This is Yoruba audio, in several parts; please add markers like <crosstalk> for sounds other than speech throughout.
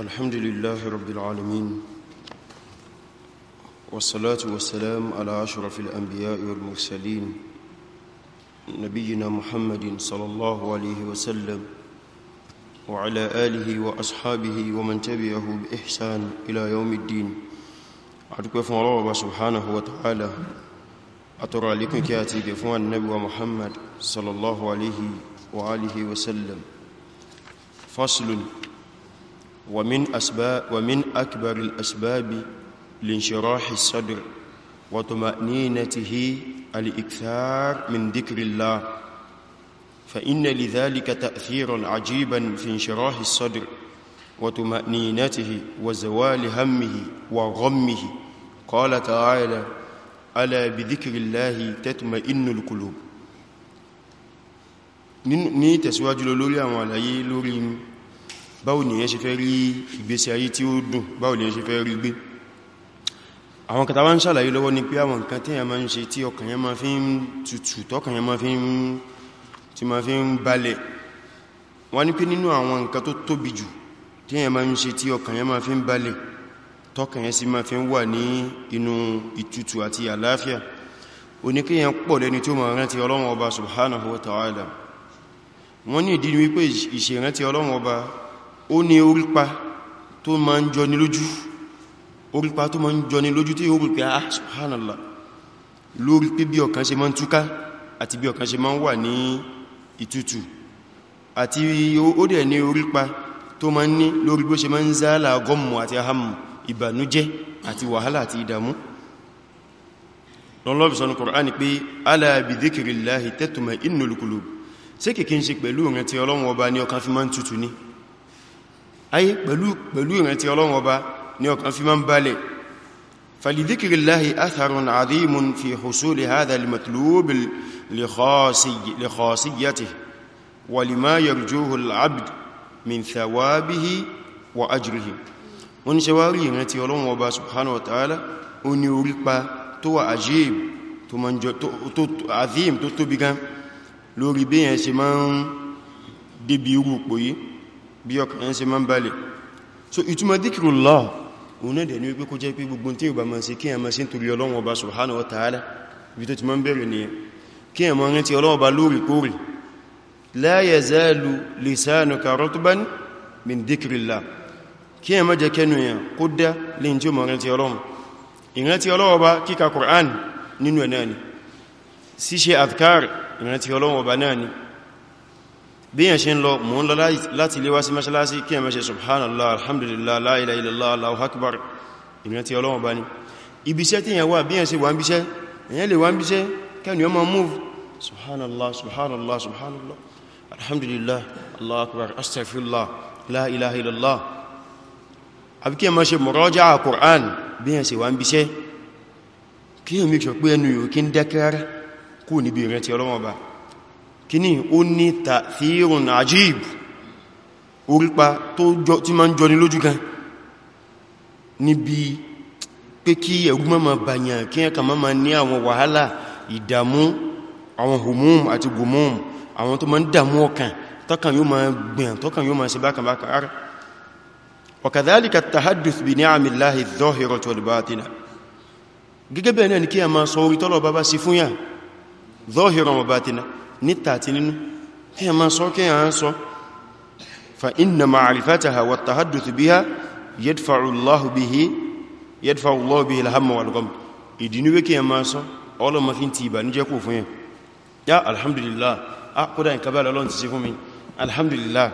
الحمد لله رب العالمين والصلاة والسلام على أشرف الأنبياء والمرسلين نبينا محمد صلى الله عليه وسلم وعلى آله وأصحابه ومن تبعه بإحسان إلى يوم الدين أتكوى الله سبحانه وتعالى أترى لكم كاتب فوان النبي محمد صلى الله عليه وآله وسلم فصل فصل ومن, أسباب ومن أكبر الأسباب لانشراح الصدر وطمأنينته الإكثار من ذكر الله فإن لذلك تأثيرا عجيبا في انشراح الصدر وطمأنينته وزوال همه وغمه قال تعالى ألا بذكر الله تطمئن القلوب ní tẹ̀síwájú lórí àwọn àlàyé lórí báwo ni yẹn ṣe fẹ́ rí ìgbésí ayé tí ó dùn báwo ni yẹn ṣe fẹ́ rí gbé àwọn kàtà wá ń ṣàlàyé lọ́wọ́ ni pé àwọn nǹkan tí yẹn máa ń ṣe tí ọkàn yẹn máa fi ń tutù tọ́kàn yẹn máa fi ń balẹ̀ wọ́n ní pé nínú àwọn nǹkan tó tóbi jù tí fi ń wà ní inú ìtutù àti àlàáfíà oníkéyàn pọ̀ lẹ́ni tí ó máa rántí Ọlọ́run ọba subhanahu wa ta'ala wọ́n ní ìdí wípé ìṣèrántí Ọlọ́run ọba ó ní orípa tó ma ń jọni lójú orípa tó ma ń jọni lójú tí ó rí pé ah subhanallah lórí pé bí ọkàn ṣe ma ń túká àti bí ọkàn ṣe ma ń wà ní ìtútù àti ó dẹ̀ ní orípa tó ma ń ní lórí bó ṣe ma ń zálà gọ́mù àti ahamu ìbànújẹ́ àti wàhálà àti ìdàmú lọ́lọ́bì ala bi dhikrillahi tatma'innul qulub sí kìkí ń ṣe pẹ̀lú ìrántí Ọlọ́run ọba ní ọkàn ayé pẹ̀lú ìrántí ọlọ́run ọba ní ọkàn fi máa ń balẹ̀ falidhikrillahi atharun adhimun fi husuli hadha al-matlub li khasiyatihi wa lima yarjuhu al-abd min thawabihi wa ajrihi wọ́n ni ṣewárí ìrántí ọlọ́run ọba subhanahu wa ta'ala ó ní orípa tó wà ajib tó máa jọ tó azim tó tóbi gan lórí bí yẹn ṣe máa ń débi irú pòyí bí ọkùnrin ṣe máa ń balẹ̀ so ìtumọ̀ dhikrullah òun náà dẹ̀ ní wípé kó jẹ́ pé gbogbo tí ìbá máa ṣe kí ẹ̀mà sí nítorí Ọlọ́run ọba subhanahu wa ta'ala ibi tó ti máa ń bẹ̀rẹ̀ nìyẹn kí ẹ̀mà rántí Ọlọ́run ọba lóòrèkóòrè la yazalu lisanuka ratban min dhikrillah kí ẹ̀mà jẹ́ kẹnu yẹn kó dá lẹ́yìn tí ìrántí Ọlọ́run náà ni bí yẹn ṣe ń lọ mọ́ ń lọ láti léwá sí mẹ́ṣálásí kí ẹ mẹ́ṣe subhanallah alhamdulillah la ilaha illallah allahu akbar ìrìn tí ọlọ́wọ́ bá ní ibiṣẹ́ tí yẹn wà bí yẹn ṣe wà ń biṣẹ́ èyàn lè wà ń biṣẹ́ kẹ́ni ọmọ move subhanallah subhanallah subhanallah alhamdulillah allahu akbar astaghfirullah la ilaha illallah àbí kí ẹ mẹ́ṣe mọ̀rọ́jà Qur'an bí yẹn ṣe wà ń biṣẹ́ kí kíní ó ní ta'thirun ajib orípa tó jọ tí ma ń jọni lójú kan níbi pé kí ẹ̀rú mọ́mọ̀ bàyàn kí ẹ̀kà mọ́mọ̀ ní àwọn wàhálà ìdàmú àwọn homom àti gomom àwọn tó ma ń dàmú ọkàn tọ́kàn yóò ma gbìyàn tọ́kàn yóò ma ṣe bákanbákan wa kadhalika at-tahadduth bi ni'amillahi níta àti nínú kíyàn máa sọ kíyàn án sọ fa inna ma'rifataha wa tahadduth biha yadfa'u Allahu bihi yadfa'u Allahu bihi al-hamma wal gham idinu we kíyàn máa sọ olo ma fin ti ìbànújẹ́ kò fún yẹn ya alhamdulillah a kódà nǹkan bá lọ́lọ́n ti ṣe fún mi alhamdulillah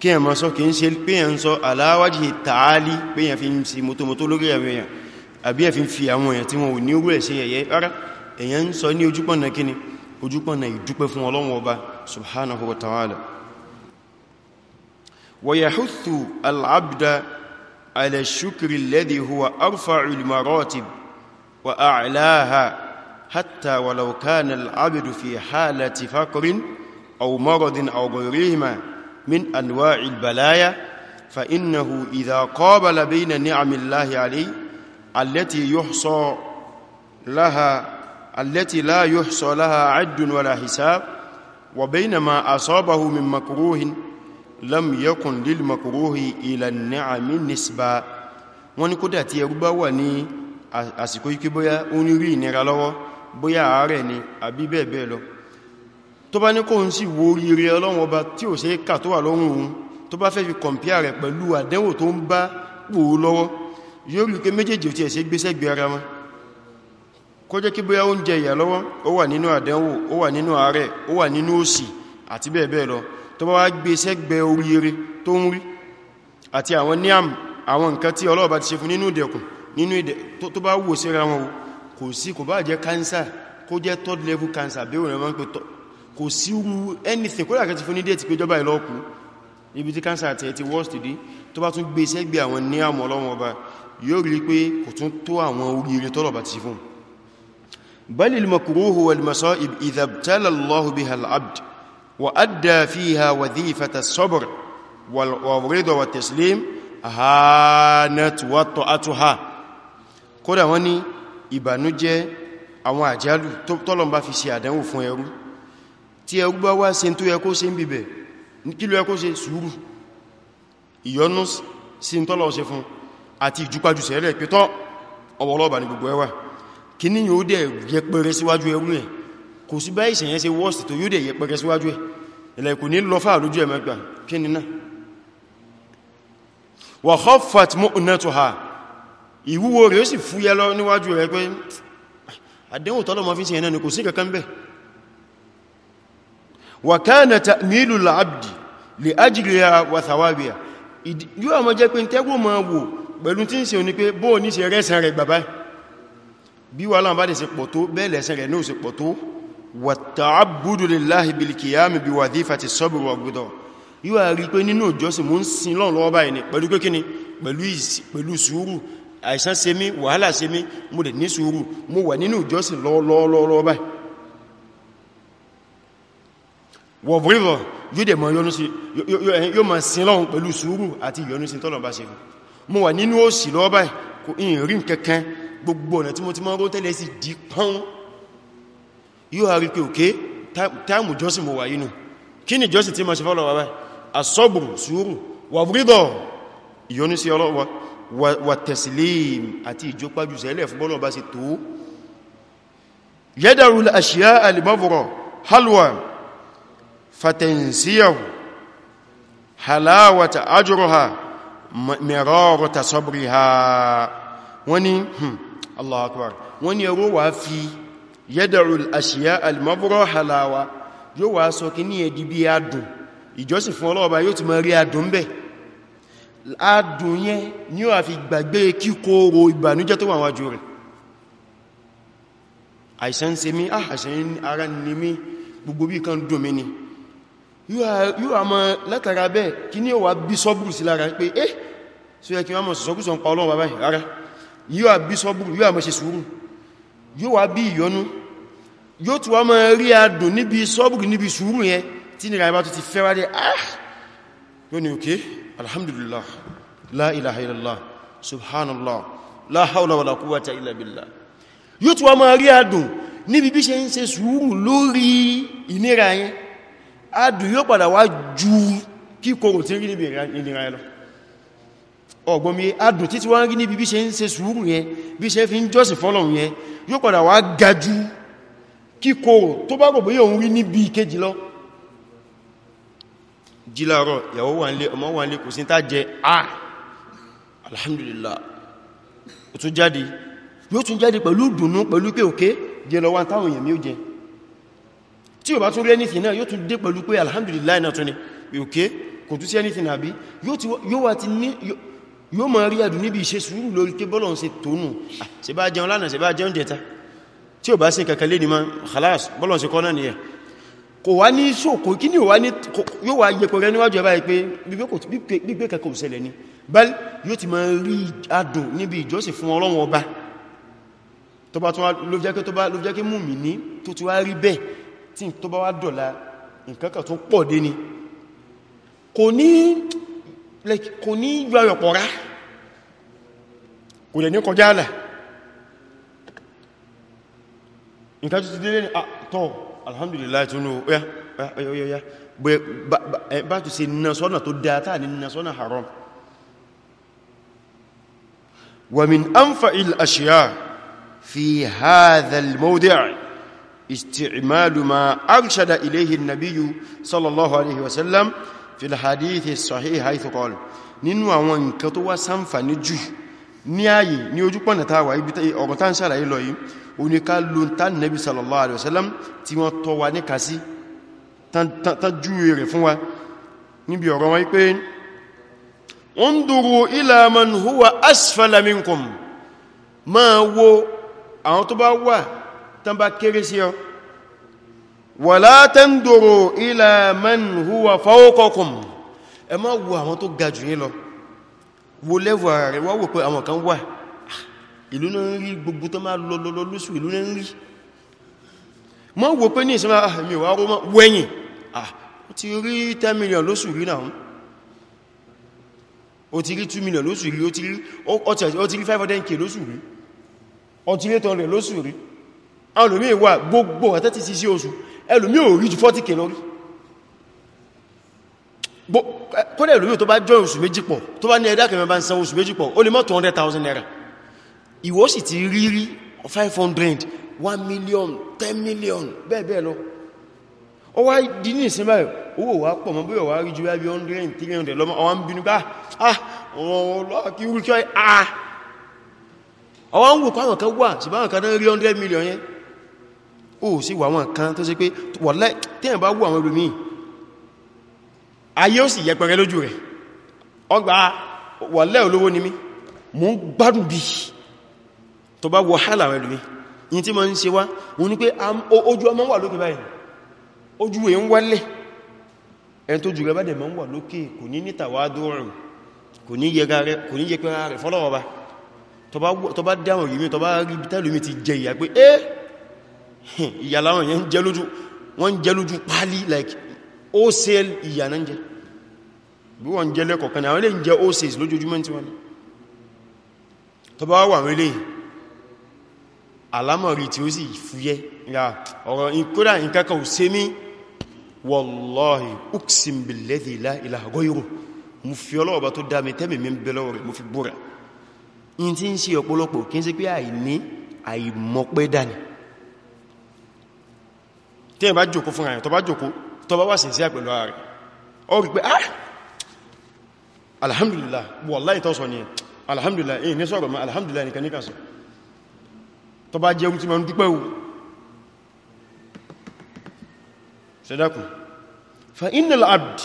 kíyàn máa sọ kí n ṣe pé yẹn sọ ala wajhi pé yẹn fi ń si mọ́tòmọ́tò lórí ẹ̀rọ yẹn àbí ẹ̀fin fi àwọn èèyàn tí wọn ò ní orú ẹ̀ sí ẹ̀yẹ rárá èèyàn ń sọ ní ojúpọ̀nà kíni ojúpọ̀nà ìdúpẹ́ fún Ọlọ́run Ọba subhanahu wa ta'ala wa hùtù al'abda alẹ́ṣùkiri shukri alladhi huwa arfa'u al wa a'laha hatta walau kana al'abdu fi halati faqrin aw maradin aw min anwa'i al fa innahu idha qabala bayna ni'ami alayhi allati yuhsa laha التي لا يحصى لها عد ولا حساب وبينما أصابه من مكروه لم يكن للمكروه إلى النعم نسبة wọ́n ni kódà tí ẹrú bá wà ní àsìkò ikú bóyá ó ní rí ìnira lọ́wọ́ bóyá àárẹ̀ ni àbí bẹ́ẹ̀ bẹ́ẹ̀ lọ tó bá ní kó ń sì wo rírí ọlọ́run ọba tí ò ṣe kà tó wà lọ́rùn òun tó bá fẹ́ fi kọ̀mpíà rẹ̀ pẹ̀lú àdẹ́wò tó ń bá pòó lọ́wọ́ yóò rí pé méjèèjì ò ti ẹ̀ gbéṣẹ́gbé ara wọn kó jẹ́ kí bóyá oúnjẹ ìyà lọ́wọ́ ó wà nínú àdánwò ó wà nínú ààrẹ ó wà nínú òṣì àti bẹ́ẹ̀ bẹ́ẹ̀ lọ tó bá wá gbé sẹ́gbẹ̀ oríire tó ń rí àti àwọn niam àwọn nǹkan tí Ọlọ́run ti ṣe fún nínú ìdẹ̀kùn nínú ìdẹ̀ tó bá wò sí kò bá cancer kó third level cancer bí òun rẹ̀ máa kò sí anything kó dàkẹ́ ti fún ní déètì pé jọba cancer àti ẹ̀tì worst dé tó bá tún gbé sẹ́gbẹ̀ àwọn niam Ọlọ́run ọba yóò rí pé kò tún bá بل المكروه والمصائب إذا ابتلى الله بها العبد وأدى فيها وظيفة الصبر والرضا والتسليم هانت وطأتها kódà wọ́n ní ìbànújẹ́ àwọn àjálù tọ́lọ̀n bá fi ṣe àdánwò fún ẹrú tí ẹrú bá wá ṣe tó yẹ kó ṣe ń bìbẹ̀ ní kí ló yẹ kó ṣe sùúrù ìyọ́nú sí tọ́lọ̀ ṣe fún àti ìjúpájú sẹ́rẹ̀ pẹ́tọ́ ọwọ́lọ́bà ní gbogbo ẹwà kíní yóò dẹ̀ yẹpẹrẹ síwájú ẹrú ẹ̀ kò sí bá ìṣẹ̀yẹn ṣe wọ́ọ̀sì tó yóò dẹ̀ yẹpẹrẹ síwájú ẹ̀ ilẹ̀ kò ní lọ fáà lójú ẹ̀mẹ́gbà kíní náà wa khaffat mu'natuha ìwúwo rẹ̀ ó sì fúyẹ́ lọ níwájú rẹ̀ pé àdéhùn tọ́lọ̀ ma fi ṣe ẹ̀nà ni kò sí kankan bí wà láàbá dẹ̀ sí pọ̀ tó bẹ́ẹ̀lẹ̀ ẹ̀sẹ̀ rẹ̀ náà sí pọ̀ tó wàtàábùdù lillahi bil qiyami bí wadhifati sabr wa gbọ́dọ̀ yíò a rí pé nínú ìjọsìn mú ń sin lọ́n lọ́wọ́ báyìí ni pẹ̀lú pé kíni pẹ̀lú sùúrù àìsàn ṣe mí wàhálà ṣe mí mo dẹ̀ ní sùúrù mo wà nínú ìjọsìn lọ́wọ́lọ́wọ́ báyìí wọ̀bùrìbọ̀ yóò dẹ̀ mọ̀ yọnú sí yóò mọ̀ sin lọ́n pẹ̀lú sùúrù àti yọnú sí tọ́lọ̀ bá ṣe mo wà nínú òsì lọ́wọ́ báyìí kò ìrìn kẹkẹn gbogbo ọ̀nà tí mo ti mọ́ ró tẹ́lẹ̀ sí di pán yóò ha rí pé òkè táàmù jọ́sìn mo wà yínú kí ni jọ́sìn tí ma ṣe fọ́lọ̀ wà asọ́bùrù sùúrù wà búrídọ̀ ìyọnú ọlọ́wà wà tẹ̀sílẹ̀m wọ́n ni hmm. Allah akbar wọ́n ní ẹwọ́ wà fi yad'ul ashiya al-mabruha halawa yóò wà sọ kí ní ẹ̀dì bí adùn ìjọsìn fún ọlọ́ọ̀bá yóò ti mọ̀ rí adùn bẹ̀ adùn yẹn ni ó àfi gbàgbé kíkòrò ìbànújẹ́ tó wà wájú rẹ̀ àìsàn ṣe mí ah, àìsàn ara ní mí gbogbo bí yóò àbí sọ́bùrù yóò àmọ́ ṣe sùúrù yóò wá bí ìyọnú yóò tún wá máa rí adùn níbi sọ́bùrù níbi sùúrù yẹn tí ní ràìbá tó ti fẹ́ wá dé ah yóò ní òkè alhamdulillah la ilaha illallah subhanallah la hawla wala quwwata illa billah yóò tún wá máa rí adùn ọgbọ̀mí adùn títí wọ́n rí níbi bí ṣe ń ṣe sùúrù yẹn bí ṣe fi ń jọ́sìn fọ́lọ̀run yẹn yóò padà wá gajú kíkò tó bá gbogbo yóò rí níbi ìkejì lọ jílárọ̀ ìyàwó wà nílé ọmọ wà nílé kò sí tá alhamdulillah ó tún jáde yóò tún jáde pẹ̀lú dùnnú pẹ̀lú pé òkè jẹ lọ wá táwọn èèyàn mi ó jẹ tí ò bá tún rí anything náà yóò tún dé pẹ̀lú pé alhamdulillah náà tún ni òkè kò tún sí anything àbí yóò yóò máa rí ẹ̀dùn níbi ìṣe sùúrù lórí pé bọ́lọ̀ ń ṣe tónù ṣe bá jẹun lánàá ṣe bá jẹun jẹta tí ò bá sí kankan lé ní ma khalas bọ́lọ̀ ń ṣe kọ́ náà nìyẹn kò wá ní ṣòkò kí ni yóò wá yẹ pẹ̀rẹ níwájú ẹbá pé gbígbé kankan òṣẹlẹ̀ ni bẹ́ẹ̀ yóò ti máa rí adùn níbi ìjọsìn fún Ọlọ́run ọba tó bá tún wá ló jẹ́ tó bá ló jẹ́ kí mú mi ní tó ni kò like kò ní ìjọ ayọ̀pọ̀ rá kò dẹ̀ ní kọjá àlà nǹkan tó ti délé ní ah, àtọ́ alhamdulillah tó ní ọ̀yá ọ̀yá bá tó ṣe na sọ́nà tó dáta ní na sọ́nà haram wa min anfa'il ashiya fi hadha al-mawdi' isti'malu ma arshada ilayhi an-nabiy sallallahu alayhi wa sallam في الحديث الصحيح حيث قال nínú àwọn nǹkan tó wá ṣàǹfààní jù ní ayé ní ojúpọ̀nà tá wà ibi ọ̀rọ̀ tá ń ṣàlàyé lọ yìí ó ní ká lo tán Nabi sallallahu alaihi wasallam tí wọ́n tọ́ wa ní kàsí tán júwe rẹ̀ fún wa níbi ọ̀rọ̀ wọn pé unduru ila man huwa asfala minkum máa wo àwọn tó bá wà tán bá kéré sí ọ wala tanduru ila man huwa fawqakum ẹ má wo àwọn tó ga jù yín lọ wo level ara rẹ̀ wá wò pé àwọn kan wà ah, ìlú náà rí gbogbo tó máa lọ lọ lóṣù ìlú náà rí má wò pé ní ìsinmi àmì ah, ìwà roma wẹ́yìn ah ó ti rí 10 million lóṣù rí náà ó ti rí 2 million àwọn ẹlòmí ò rí ju 40k lórí kódẹ̀ ẹlòmí tó bá jọ oṣù méjì pọ̀ tó bá ní ẹ̀dá kẹmẹ́ bá ń san oṣù méjì pọ̀ ó lè mọ́ 200,000 naira ìwọ sì ti rí rí 500 1 million 10 million bẹ́ẹ̀ bẹ́ẹ̀ lọ ó wá di ní ìsinmi báyìí owó wá pọ̀ mọ́ bóyọ̀ wá rí ju bí 100 300 lọ́mọ àwọn ń bínú bá ah, ah, ọwọ́n ah. wò kọ́ àwọn kan wà sí báwọn kan náà rí 100 million yẹn ó sì wà wọn kan tó ṣe pé wọ̀lẹ́ tẹ́yìn bá wù àwọn ẹlòmí ayé ó sì yẹpẹrẹ lójú rẹ̀ ọgbà wọ̀lẹ́ olówó ni mí mò ń gbádùn bí tó bá wọ hálà àwọn ẹlòmí yìí tí ma ń ṣe wá wọn ni pé ojú ọmọ wà lókè báyìí ojú èyí ń wálẹ̀ ẹni tó jùlọ bá dẹ̀ ma lókè kò ní ní tàwádọ́rùn kò ní yẹpẹrẹ rẹ̀ fọ́lọ́wọ́ eh <laughs> ìyà láwọn yẹn jẹ lójú wọ́n jẹ lójú pálí like ocl ìyà náà jẹ bí wọ́n jẹ lẹ́kọ̀ọ́kan àwọn ilé ń jẹ ocs lójoojúmọ́ tí wọ́n ni tó bá wà wọ́n ilé alámọ̀rí tí ó sì fúyẹ́ ọ̀rọ̀ ìkódà ìkẹ́kọ̀ ò sé mí wallahi uksim la ilaha ghayru mo fi ọlọ́ọ̀bá tó dá mi tẹ́mì mi ń bẹ lọ́wọ́ rẹ̀ mo tí ẹ bá jòkó fún àyàn tó bá jòkó tó bá wà sí sí àpẹ̀lú ara rẹ̀ ó rí pé ah alhamdulillah wallahi tó sọ ní alhamdulillah èyí ní sọ̀rọ̀ ma alhamdulillah nìkan níkan sọ tó bá jẹ́ ohun tí ma ń dúpẹ́ o ṣẹ́dàkùn fa innal abd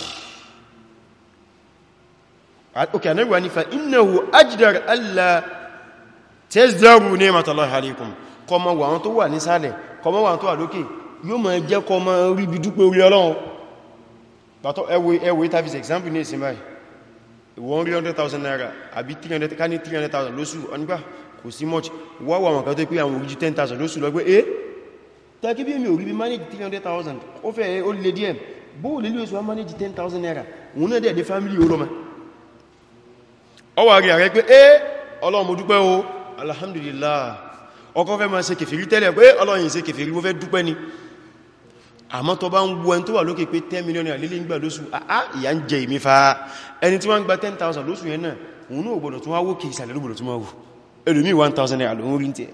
ok kọmọ wọn tó wà nísàlẹ̀ kọmọ wọn tó wà lókè yóò máa jẹ́ kó máa rí bí dúpẹ́ orí Ọlọ́run bàtọ́ ẹwẹ́ ẹwẹ́ tàbí example ní ìsinmi báyìí 100,000 naira àbí 300,000 ká ní 300,000 lóṣù ọ̀nígbà kò sí much wà wà wọn kan tó pé àwọn orí jù 10,000 lóṣù lọ́gbẹ́ eh tàbí bí mi ò rí bí manage 300,000 ó fẹ́ ó lè díẹ̀ bó lè lè oṣù wọ́n manage 10,000 naira wọn náà dẹ̀ family olóma ọwà rí ààrẹ pé eh Ọlọ́run mo dúpẹ́ o alhamdulillah ọkọ̀ fẹ́ máa ṣe kèfèrí tẹ́lẹ̀ pé Ọlọ́run ṣe kèfèrí mo fẹ́ dúpẹ́ ni àmọ́ tó bá ń gbọ́ ẹni tó wà lókè pé 10 million naira lílé ń gbà lóṣù àá ìyà ń jẹ ìmí fa ẹni tí wọ́n ń gba 10,000 lóṣù yẹn náà òun náà gbọ́dọ̀ tún wá wókè ìsàlẹ̀ lóògbọ́dọ̀ tún wáwò ẹlòmí 1,000 naira lóun rí tí ẹ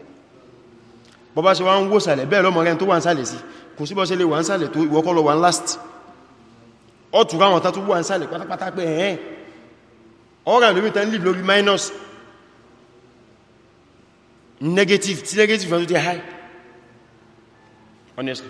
bọ́bá ṣe wá ń wó sàlẹ̀ bẹ́ẹ̀ lọ́mọ rẹ̀ tó wà ń sàlẹ̀ sí kò sí bọ́ ṣe lè wà ń sàlẹ̀ tó ìwọ́kọ́ lọ wà ń last ọ tù ráwọn tán tó wà ń sàlẹ̀ pátápátá pé ẹ̀ẹ́ ọ̀rọ̀ ìlúmí tán lè lórí minus negative tí negative wọn tó ti high honestly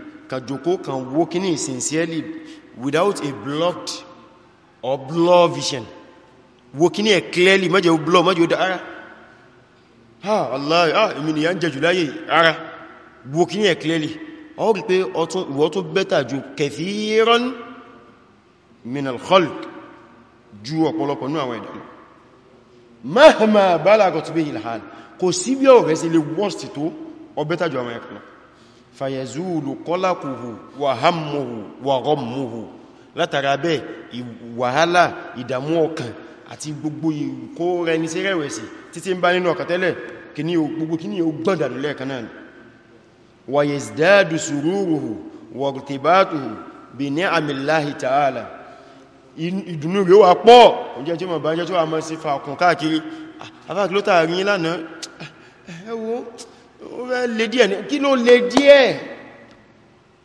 kan jòkó kan wó sincerely without a blocked or blur vision wó kí ní ẹ̀ e clearly mọ́jẹ̀ ó blur mọ́jẹ̀ ó dá ara ha Allah ah èmi nìyà ń jẹ jùláyé ara wó kí ní ẹ̀ e clearly ọ rí pé ìwọ tó bẹ́tà ju kathiran minal khalq ju ọ̀pọ̀lọpọ̀ ní àwọn ìdàmù mahama balagot bihi al hal kò sí bí ọ̀rẹ́ sí lè worst tó ọ bẹ́tà ju àwọn ẹ̀kọ́ fayezulu kọlákùhù wà hàmùhù wà rọmùhù látara bẹ́ ìwàhálà ìdàmú ọkàn àti gbogbo ìkó rẹni sí rẹ̀wẹ̀sì títí ń bá nínú ọkàn tẹ́lẹ̀ kí ní gbogbo kí ní ó gbọ́ndàdù lẹ́ẹ̀kan náà wà yazdadu sururuhu wà rtibatuhu bi ó fẹ́ lè díẹ̀ ní kí ló lè díẹ̀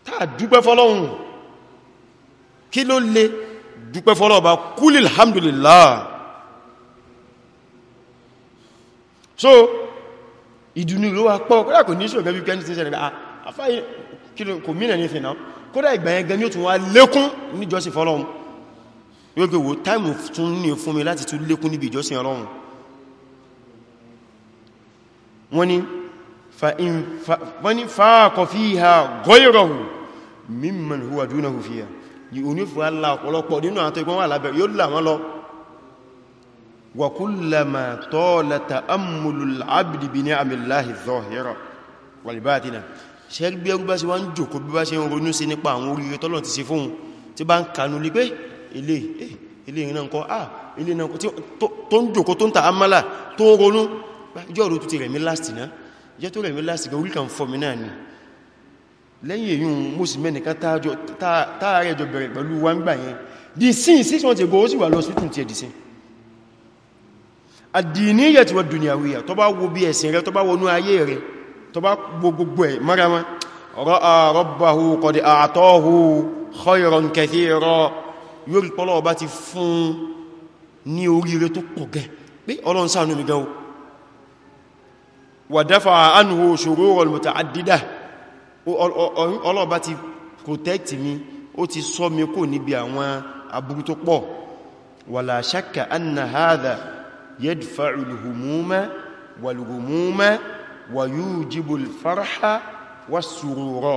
tàà dúpẹ́ fọ́lọ́hun kí ló lè dúpẹ́ fọ́lọ́hun bá kúlì alhamdulillah so ìdùnnú ló wá pọ̀ kódà kò ní ṣògbẹ́ bí kẹ́ni ti ṣẹlẹ̀ ah, àfáyé kò mí nẹ̀ nífin náà kódà ni ó tún wá lékún níjọsìn fọ́lọ́hun yóò gbé wo táìmù tún ní fún wọ́n ni wọ́n ni fàákọ̀ fi ha gọ́yọ̀rọ̀hù mímọ̀n huwa dúnàhù fi ha yí o ní fún alá ọ̀pọ̀lọpọ̀ nínú àtọ́ ìgbọ́n wà lábẹ̀ yóò là wọ́n lọ wa kullama tala ta'ammulul abdi bi ni'amillahi zahira wal ilé eh, ilé ah, tó ń jòkó tó ń ta amala tó ronú ìjọ́ òrò rẹ̀ mí last náà jẹ́ tó rẹ̀mí láti gan oríkà ń náà ni lẹ́yìn èyí mo sì mẹ́nìkan táàrẹ jọ bẹ̀rẹ̀ pẹ̀lú wa ń gbà yẹn di sin six months ago ó sì wà lọ sí tún ti ẹ̀dì sin àdìníyà ti wà dùnìyàwó tó bá ra'a rabbahu qad a'tahu khayran kathira yóò rí pọ́lọ́ ọba ti fún ní oríire tó pọ̀ gẹ́ pé wàdáfà ánúhò ṣòro ọlùmọ̀ta àdídà ọlọ́ọ̀bá ti protect mi ó ti sọ mi kò níbi àwọn aburú tó pọ̀ wàlá ṣakka anna hadha yadfa'u al-humuma wal-ghumuma wa yujibu al-farha was-surura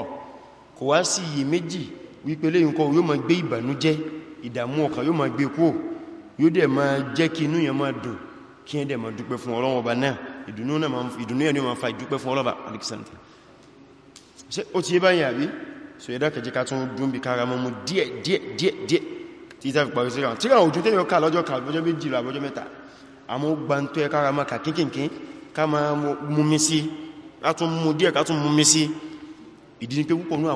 kò wá sí yìí méjì wípé lẹ́yìn kọ́ ìdùnnú náà ma ìdùnnú ẹni ma fa ìdúpẹ́ fún ọlọ́bà alexander ṣe ó ti yé báyìí àbí so ẹ̀dá kẹjẹ ká tún dún bí kára mọ́mú díẹ̀ díẹ̀ díẹ̀ díẹ̀ tí ìta fi parí síra tí àwọn òjú tẹ́yọ ká lọ́jọ́ ká lọ́jọ́ méjìlá lọ́jọ́ mẹ́ta àmọ́ gba ń tó ẹ kára mọ́ ká kínkínkín ká ma mú mi sí ká tún mú díẹ̀ ká tún mú mi sí ìdí ni pé púpọ̀ nú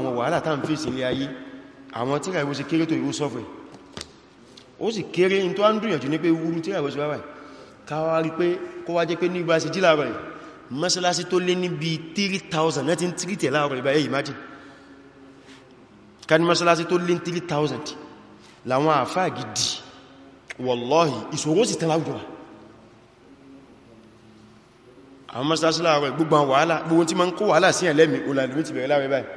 àwọn káwàá rí pé kó wá jẹ́ pé ní ìgbà sí jí láàrẹ̀ mọ́sálásí tó lé níbi 3,000 náà ti ń tírítẹ̀ láàrẹ̀ ìbá èyí májì ká ní mọ́sálásí tó lé 3,000 láwọn àfáà gidi wallahi ìṣòro sì tán láwùjọ àwọn mọ́sálásí láàrẹ̀ gbogbo wàhálà gbogbo tí ma ń kó wàhálà sí ẹ̀lẹ́mì olàlùmí ti bẹ̀rẹ̀ láàrẹ̀ báyìí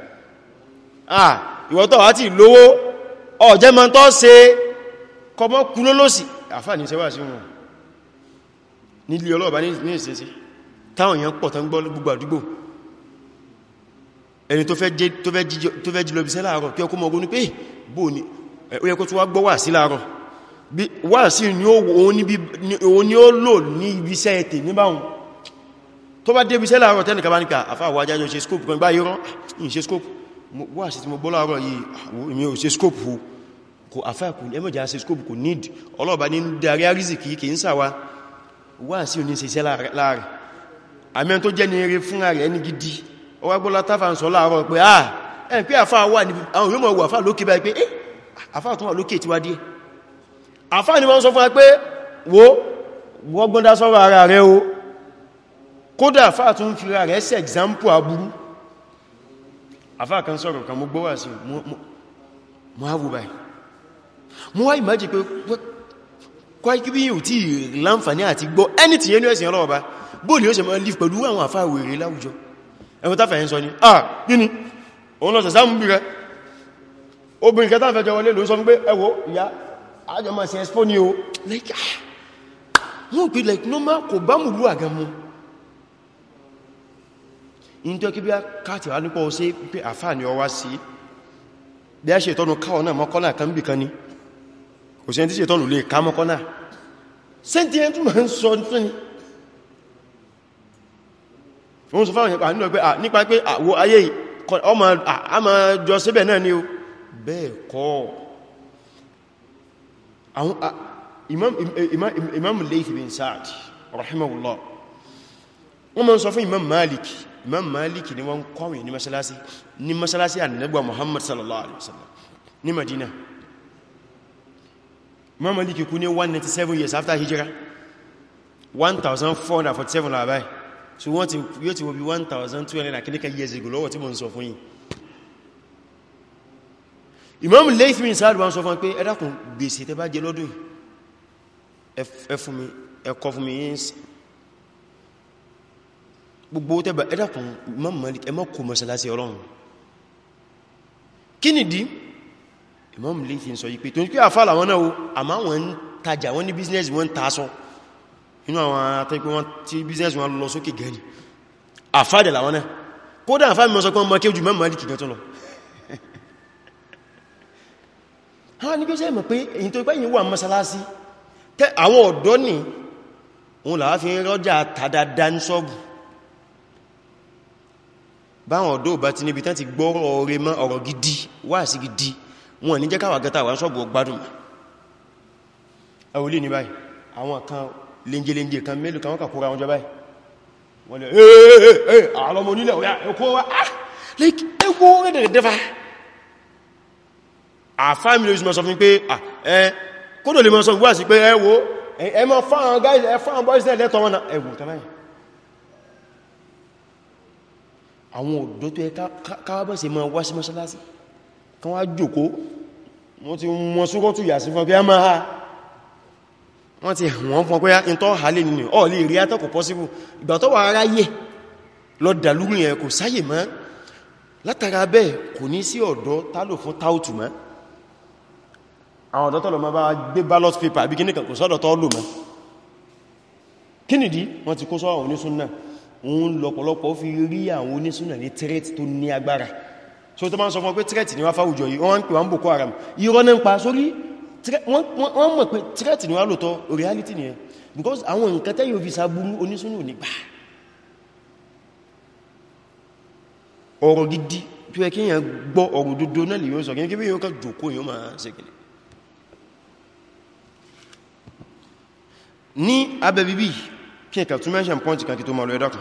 ah ìwọ́tọ̀ wá ti lówó ọ̀jẹ́ mọ́ tọ́ se kọmọ́ kú lólósì àfáà ní sẹ́wà sí wọn nílé ọlọ́ọ̀bá ní ìsinsí táwọn èèyàn pọ̀ tán gbọ́ gbogbo àdúgbò ẹni tó fẹ́ jí lọ́bí sẹ́ láàárọ̀ kí ọkọ́ mọ̀gún ní pé eh, bó ní ó yẹ kó tó wá gbọ́ wà sí láàárọ̀ wà sí ni ó lò ní ibiṣẹ́ ẹ̀tẹ̀ níbáhùn tó bá dé ibiṣẹ́ láàárọ̀ tẹ́nìkan bá nípa ah, àfáàwọ̀ ajájọ́ ṣe scope kan báyìí rán ah, mo gbọ́ láàárọ̀ yìí ah, mi ò ṣe scope kò àfáàkù ẹmọ̀já ṣe scope kò need wà sí òní ṣe iṣẹ́ láàrẹ̀ àmẹ́ tó jẹ́ ní eré fún ààrẹ ẹni gidi ọwágbọ́lá tàfà ń sọ láàárọ̀ pé à ah, ẹ̀ pé àfà wà ní àwọn yóò mọ̀ wà fà lókè báyìí pé eh àfà tó wà lókè tí wá díẹ̀ àfà ni wọ́n sọ fún wa pé wo wọ́gbọ́ndá sọ́rọ̀ ara rẹ̀ o kódà àfà tó ń fi rẹ̀ ṣe example aburú àfà kan sọ̀rọ̀ kan mo gbọ́wà sí mo wá wù báyìí mo wá ìmájì pé kọ́ ikú bí yíò tí láǹfàní àti gbọ́ ẹni tí yẹn ní ẹ̀sìn ọlọ́ọ̀bá bóòlì ó ṣe máa live pẹ̀lú àwọn àfáà wèrè láwùjọ ẹwọ́n tàfà yẹn sọ ní ah gíní òun lọ sẹ̀sá mú rẹ obìnrin kẹta fẹjọ wọlé ló sọ pé ẹwọ́ ìyá àjọ máa ṣe expo ní o like wọ́n ah, pè like normal kò bá mú lúwà gan mú in tó kí bí a káàtì wá nípa ó sí pé àfáà ni ọwá sí bí a ṣe ìtọ́nu káwọn náà mọ́kọ́lá kan bì kan ni kò sí ẹni tí ṣètọ́nù lè ká mọ́kọ́nà sẹ́ntì ẹni tó máa ń sọ fún ni wọ́n sọ fáwọn ìyẹ̀pà nílò pé nípa pé àwọ ayé ọmọ jọ síbẹ̀ náà ni o bẹ́ẹ̀ kọ́ eh, imam Layth bin Sa'd rahimahullah wọ́n máa ń sọ fún imam Malik imam Malik ni wọ́n kọ́wìn ní masalasi ní Muhammad sallallahu alaihi wasallam ní Madina Imam Malik kú ní 197 years after hijira 1447 làbáyé so wọ́n ti yóò ti wọ́n bí 1200 akíníkà years ago lọ́wọ́ tí mo ń sọ fún yín Imam Layth bin Sa'd wọ́n sọ fún pé ẹ dákun gbèsè tẹ́ bá jẹ lọ́dún ẹkọ fún mi yín gbogbo tẹ́bà ẹ dákun Imam Malik ẹ mọ́ kò mọ́sálásí Ọlọ́run kí nìdí Imam Layth ń sọ yí pé tó ń pé àfà làwọn náà o àmá wọ́n ń tajà wọ́n ní business wọ́n ń ta aṣọ inú àwọn atẹ́pẹ́ wọ́n tí business wọ́n lọ sókè gẹ̀ẹ́ni àfádẹ̀ làwọn náà kódà àfá mi sọ pé wọ́n mọ́ kéjù mẹ́mọ́ alìkì gẹ̀ẹ́ tó lọ ha ní kí ó sẹ́mọ̀ pé èyí tó pẹ́yìn wà mọ́sálásí tẹ́ àwọn ọ̀dọ́ ní òun làwá fi rọ́jà tàdádá ní ṣọ́bù báwọn ọ̀dọ́ bá ti níbi tán ti gbọ́rọ̀ ọ̀rẹ́ mọ́ ọ̀rọ̀ gidi wáàsí gidi wọn ní jẹ́ káwà gẹta wà ń ṣọ́bù ọgbádùn ẹwùlì ní báyìí àwọn kan lẹ́njẹ́lẹ́njẹ́ kan mélòó kan wọ́n kà kóra wọn jọ báyìí wọ́n lè ẹ̀ẹ́ àlọ́mọ onílẹ̀ ọ̀yá ẹ̀kọ́ wá ah, ẹgbó rẹ̀ dẹ̀fà àfáàmì lórí sọ fún pé ah, kódò lè mọ́ sọ wá sí pé ẹwọ́ ẹmọ fáwọn guys ẹfáwọn boys náà lẹ́tọ̀ wọn ẹwù tẹ́láyì àwọn òdó tó ẹ káwàbọ̀ sí mọ́ wá sí mọ́sálásí kan wá jòkó wọ́n ti wọ́n súnkọ́tù yà sí fún pé a máa ha wọ́n ti wọ́n fún pé in tó hà lè nínú ọ̀ lè rí atọ́kù pọ́síbù ìgbà tó wà ara yẹ lọ dàlúrin ẹ̀ kò sáyè mọ́ látara bẹ́ẹ̀ kò ní sí ọ̀dọ́ tálò fún táùtù mọ́ àwọn ọ̀dọ́ tọ́lọ ma so tó máa sọ fún pé threat ni wá fáwùjọ yìí wọ́n ń pè wọ́n Boko Haram irọ́ náà ń pa sórí wọ́n mọ̀ pé threat ni wá lóòtọ́ reality ni because àwọn nǹkan tẹ́ yóò fi sàbúrú ni nígbà ọ̀rọ̀ gidi tó ẹ kíyàn gbọ́ ọ̀rọ̀ dodo náà lè yóò sọ kí yóò ká jòkó yóò máa sẹ́kìlẹ̀ ní abẹ́ bíbí kí ẹ̀kà tún mẹ́ṣẹ̀ point kan kí tó máa lọ ẹ̀dàkùn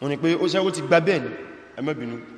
wọ́n ní pé ó sẹ́wọ́ ti gbá bẹ́ẹ̀ ni ẹmẹ́bìnú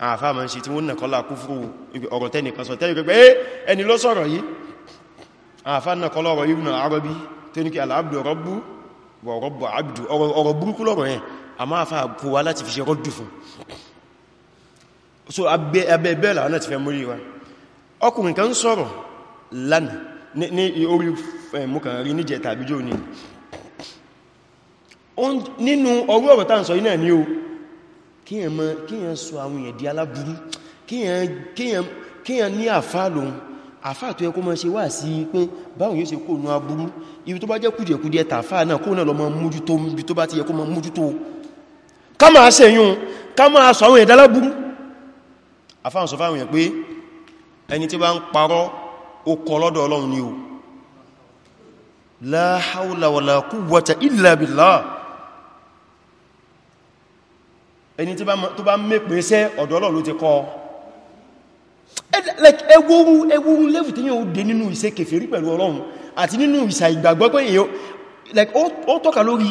àfáà ma ń ṣe tí wọ́n nàkọ́lá kúfúrú ọ̀rọ̀ tẹ́nìkan sọ tẹ́lì pẹ́pẹ́ ẹni ló sọ̀rọ̀ yìí àfáà nàkọ́lá ọ̀rọ̀ Ibn Arabi tó ní kí al-abdu rabbu wa rabbu abdu ọ̀rọ̀ burúkú lọ́rọ̀ yẹn a máa fà kó so abẹ́ bẹ́ẹ̀lá náà ti fẹ́ mórí wa ọkùnrin kan sọ̀rọ̀ lánàá ní orí mọ́kànrí níjẹ tàbí jò ní nínú ọrú ọ̀rọ̀ tàà sọ iná kíyàn sọ àwọn èèyàn di aláburú kíyàn ní àfá lòun àfá tó yẹ kó máa ṣe wà sí pé báwọn yóò ṣe kó nú aburú ibi tó bá jẹ́ kùdìẹ̀kùdìẹ̀ tàfà náà kó náà lọ máa mójútó ibi tó bá ti yẹ kó máa mójútó ká máa ṣe yún ká máa sọ àwọn èèyàn dáláburú àfá ń sọ fáwọn èèyàn pé ẹni tí bá ń parọ́ ó kọ lọ́dọ̀ Ọlọ́run ni o la hawla wala quwwata illa billah ẹni tó bá mẹ́pẹ̀ iṣẹ́ ọ̀dọ́lọ̀ ló ti kọ́ ẹwọ́rú ẹwọ́rú lẹ́fù tí yíò dé nínú iṣẹ́ kèfèrí pẹ̀lú Ọlọ́run àti nínú ìṣà ìgbàgbọ́ pé èyàn ó tọ́ka lórí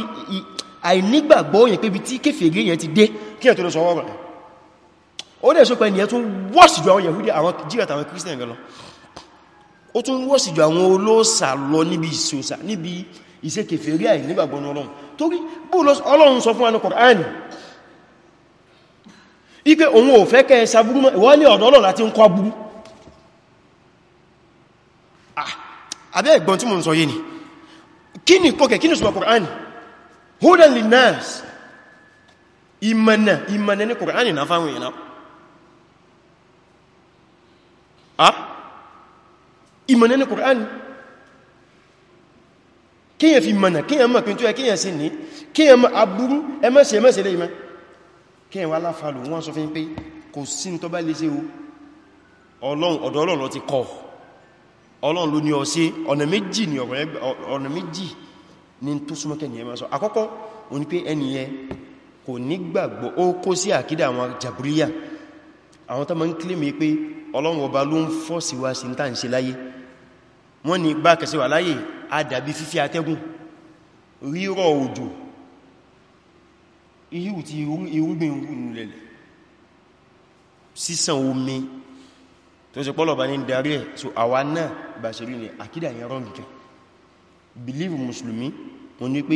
àìnígbàgbọ́ yẹn pé bí tí kèfèrí yẹn ti dé kí ẹ̀ tó lọ sọ ọ̀rọ̀ ó dẹ̀ sọ pé ènìyàn tún wọ́sì ju àwọn Yahudi àwọn jírat àwọn Christian gan lọ ó tún wọ́sì ju àwọn olóòsà lọ níbi ìṣòsà níbi iṣẹ́ kèfèrí àìnígbàgbọ́ Ọlọ́run torí bóòlọ́sọ Ọlọ́run sọ fún wa wípé òun ò fẹ́ kẹ́ ṣàbúrú mọ́ ìwọ́n ní ọ̀dọ́ ọlọ́run láti ń kọ́ búrú àbẹ́ ah, ẹ̀gbọ́n tí mo ń sọ yìí ni kí ni kọ́kẹ̀ kí ni sọ Kùránì hudan linnas ìmọ̀nà ìmọ̀nà ní Kùránì náà fáwọn èèyàn náà ah, kí ẹ̀wà aláfàlù wọ́n sọ fi ń pé kò sí tó bá lè ṣe ọlọ́run ọ̀dọ̀ ọlọ́run ló ti kọ ọlọ́run ló ní ọ sí ọ̀nà méjì ni ọ̀nà méjì ni tó súnmọ́ kẹ́ nìyẹn máa sọ àkọ́kọ́ o ní pé ẹniyẹ kò nígbàgbọ́ ó kó sí àkídà àwọn jàbúríyà àwọn tó máa ń kílè mi pé ọlọ́run ọba ló ń fọ́ sí wa sí ta ń ṣe láyé wọ́n ni bá kẹsẹ̀ láyé adàbí fífí atẹ́gùn rírọ̀ òjò ihò tí irúgbìn ìrùnlẹ̀lẹ̀ sísan omi tó ṣe pọ́lọ̀ bá ní darí ẹ̀ so àwa náà bá ṣe rí ní àkídà yẹn rọ́n gẹ̀ẹ́ believe musulmi o ní pé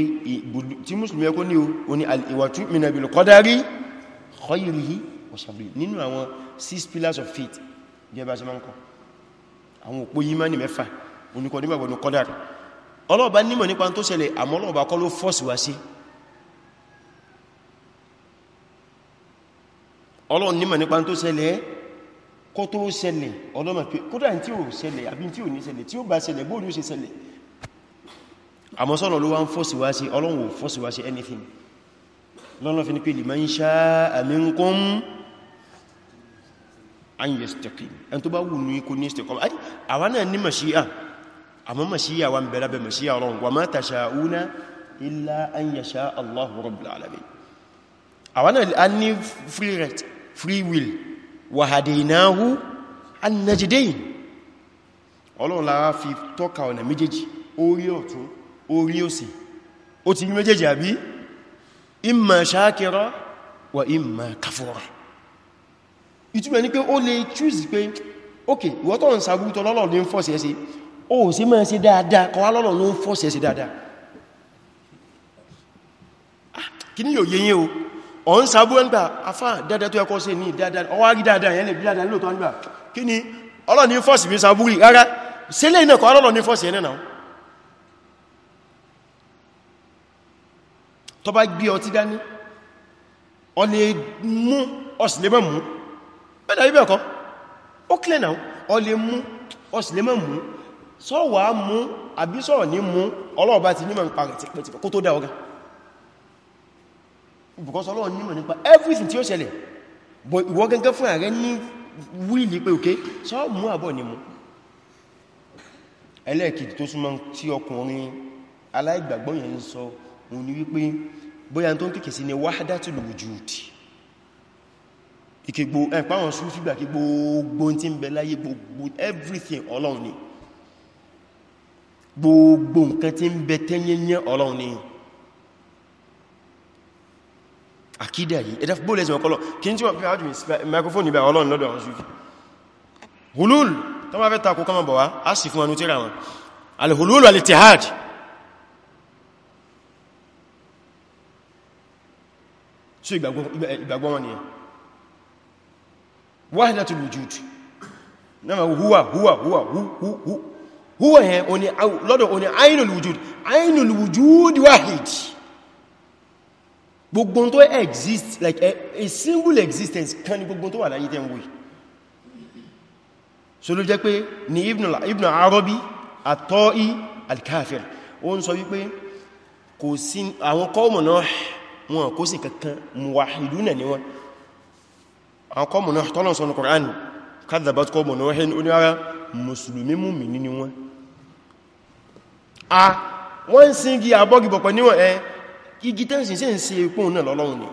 tí musulmi ẹkọ́ ní o ní al-iwatu mina bil qadari khayrihi wa sharrihi nínú àwọn six pillars of faith gẹ́ bá ṣe máa ń kọ àwọn òpó yí máa ní mẹ́fà oníkọ̀ nígbàgbọ́ ní kọ́dárì ọlọ́ọ̀bá nímọ̀ nípa tó ṣẹlẹ̀ àmọ́ ọlọ́ọ̀bá kọ́ ló fọ́ọ̀sì wá sí ọlọ́run nímọ̀ nípa tó ṣẹlẹ̀ kó tó ṣẹlẹ̀ ọlọ́mọ̀ pé kódà tí ò ṣẹlẹ̀ àbí tí ò ní ṣẹlẹ̀ tí ó bá ṣẹlẹ̀ bóòlù ó ṣe ṣẹlẹ̀ àmọ́ ló wá ń fọ́síwáṣí ọlọ́run ò fọ́síwáṣí anything lọ́nà fi ní pé liman sha'a minkum an yastaqim ẹn tó bá wù ní kò ní istiqam àwa náà ní màṣíyà àmọ́ màṣíyà wa ń bẹ̀rẹ̀ bẹ̀ màṣíyà ọlọ́run wa ma tasha'una illa an yasha Allahu a ní free right free will wa hadaynahu an-najdayn ọlọ́run lára fi tọ́ka ọ̀nà méjèèjì orí ọ̀tún orí òsì ó ti rí méjèèjì àbí imma shakira wa imma kafura ìtumọ̀ ní pé ó lè choose pé ok ìwọ́ tó ń sàbúrútọ lọ́lọ́ ọ̀n sàbú ẹgbà afá dáadáa tó ẹkọ́ sí ní dáadáa ọwá rí dáadáa yẹn lè bí dáadáa lóòtọ́ nígbà kí ni ọlọ́ni fọ́sì bí sàbúrí rárá sílé ìnàkọ́ ọlọ́ni fọ́sì ẹ̀nà náà tó bá gbé ọtí dání ọ lè mú ọ̀sìlẹ́mọ̀ mú bẹ́ẹ̀dà ibẹ̀ kọ́ ó kílẹ̀ náà ọ lè mú ọ̀sìlẹ́mọ̀ mú sọ́wàá mú àbí sọ́ọ̀ ní mú ọlọ́ọ̀bá ti nímọ̀ pàrẹ̀ tí pẹ̀tìpẹ̀ kó tó dá ọgá because Ọlọ́run nímọ̀ nípa everything tí ó ṣẹlẹ̀ but ìwọ gẹ́gẹ́ fún ààrẹ ní wíìlì pé òkè sọ mú àbọ̀ ní mú ẹlẹ́ẹ̀kìdì tó súnmọ́ tí ọkùnrin aláìgbàgbọ́ yẹn ń sọ òun ni wípé bóyá tó ń kìkì sí ni wahdatul wujud ìkègbò ẹ̀páwọn sún fígbà kí gbogbo tí ń bẹ láyé gbogbo everything Ọlọ́run ni gbogbo nǹkan tí ń bẹ tẹ́yẹnyẹ àkídà yìí ẹ̀dá fúgbólẹ̀ ẹ̀sìn ọkọlọ kí n tí wọ́n fi àájú microphone níbẹ̀ ọlọ́run lọ́dọ̀ àwọn ṣúfì hulul tó máa fẹ́ takò kọmọ bọ̀wá á sì fún ọnú tíra wọn alhulul alitihad so ìgbàgbọ́ wọn ni wahdatul gbogbo tó exist like a, eh, a single existence kan ni gbogbo tó wà láyé tẹ́ ń wòye so ló jẹ́ pé ní Ibn Arabi àtọ́í al-Kafir ó ń sọ wípé kò sí àwọn kọ́ọ̀mù náà wọn kò sí kankan muwahiduna ni wọn àwọn kọ́ọ̀mù náà tọ́lọ̀ sọ ní Qur'an kadhabat kọ́ọ̀mù náà hẹ́ni oníwára mùsùlùmí mùmìnì ni wọn a wọ́n ń sin gí abọ́gibọ̀pọ̀ níwọ̀n ẹ eh, igi tẹ́ǹsì sí ń ṣe ipò náà lọ́lọ́run ni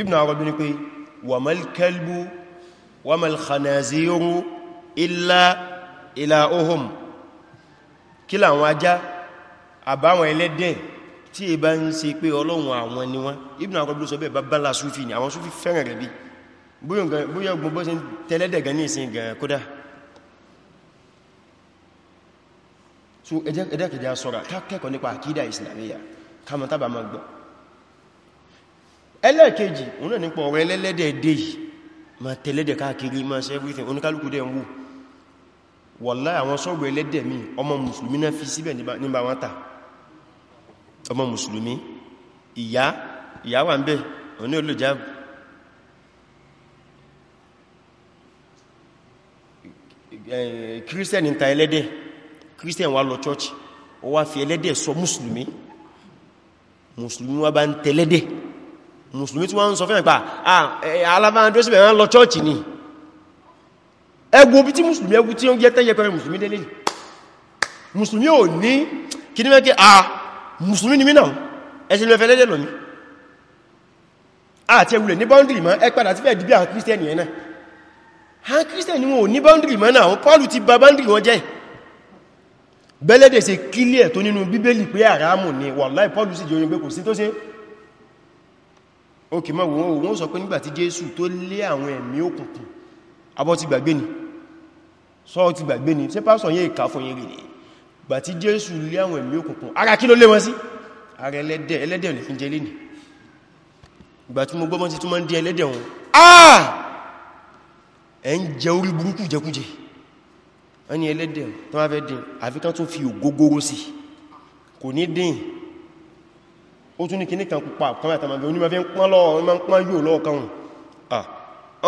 ibn arabi ni pé wamal kalbu wamal khanaziru illa ila ohun kí láwọn ajá àbáwọn ẹlẹ́dẹ̀ tí è bá ń ṣe pé ọlọ́run àwọn ni wọ́n ibn arabi ló sọ bẹ́ẹ̀ bá súfì ni àwọn súfì fẹ́ràn rẹ̀ bí bóyá gbogbo ṣe tẹ́lẹ́dẹ̀ ní ìsìn gan kódà so ẹ̀dẹ́kẹ̀dẹ́ sọ́ra kákẹ́kọ̀ọ́ nípa àkídà ìsìlàmíyà kamọ̀tàbà ma gbọ́ ẹlẹ́ẹ̀kejì òun náà nípa ọ̀rọ̀ ẹlẹ́lẹ́dẹ̀ dé yìí ma tẹ̀lẹ́dẹ̀ káàkiri ma ṣe everything oníkálùkù dẹ̀ ń wù wọ́lá àwọn mi ọmọ mùsùlùmí náà fi síbẹ̀ nígbà wọn ta ọmọ mùsùlùmí ìyá ìyá wà ń bẹ̀ òní olùjáàbù christian wá lọ church ó wá fi ẹlẹ́dẹ̀ sọ mùsùlùmí mùsùlùmí wá bá ń tẹ́lẹ́dẹ̀ mùsùlùmí tí wọ́n ń sọ fẹ́ pa alábáńdọ́síbẹ̀ wọ́n lọ church ni ẹgbò bí tí mùsùlùmí ẹgbù tí ó ń jẹ́ tẹ́yẹ pẹ̀rẹ mùsùlùmí délé mùsùlùmí ò ní kí ní mẹ́kẹ́ ah mùsùlùmí ni mínà ẹsẹ̀ lẹ́fẹ́ lẹ́dẹ̀ lọ́mí àti ẹwùlẹ̀ ní bọ́ndìrì mọ́ ẹ padà ti fẹ́ dìbí àwọn kírísítẹ́nì ẹ̀ náà bẹ́lẹ́dẹ̀ se kílẹ̀ tó nínú bíbélì pé àrámù ni wàláì Paul sì jẹ́ orin pé kò sí tó ṣe ó kì mọ́ wọ́n wọ́n sọ pé nígbàtí Jésù tó lé àwọn ẹ̀mí òkùnkùn abọ́ ti gbàgbé ni sọ ti gbàgbé ni ṣe pásọ̀ yẹ ìkà fún yìí rẹ̀ gbàtí Jésù lé àwọn ẹ̀mí òkùnkùn ara kí ló lé wọn sí ara ẹlẹ́dẹ̀ ẹlẹ́dẹ̀ ní fi jẹ lé ní ah ẹ̀ ń jẹ ẹni ẹlẹ́dẹ̀ tó wá fẹ́ dín àfikán tó fi ògógóró sí kò ní dín ó tún ní kí ní kan pupa kan mẹ́ta màbí onímọ̀ fi ń pọ́n lọ́wọ́ ọmọ ń pọ́n yóò lọ́wọ́ kan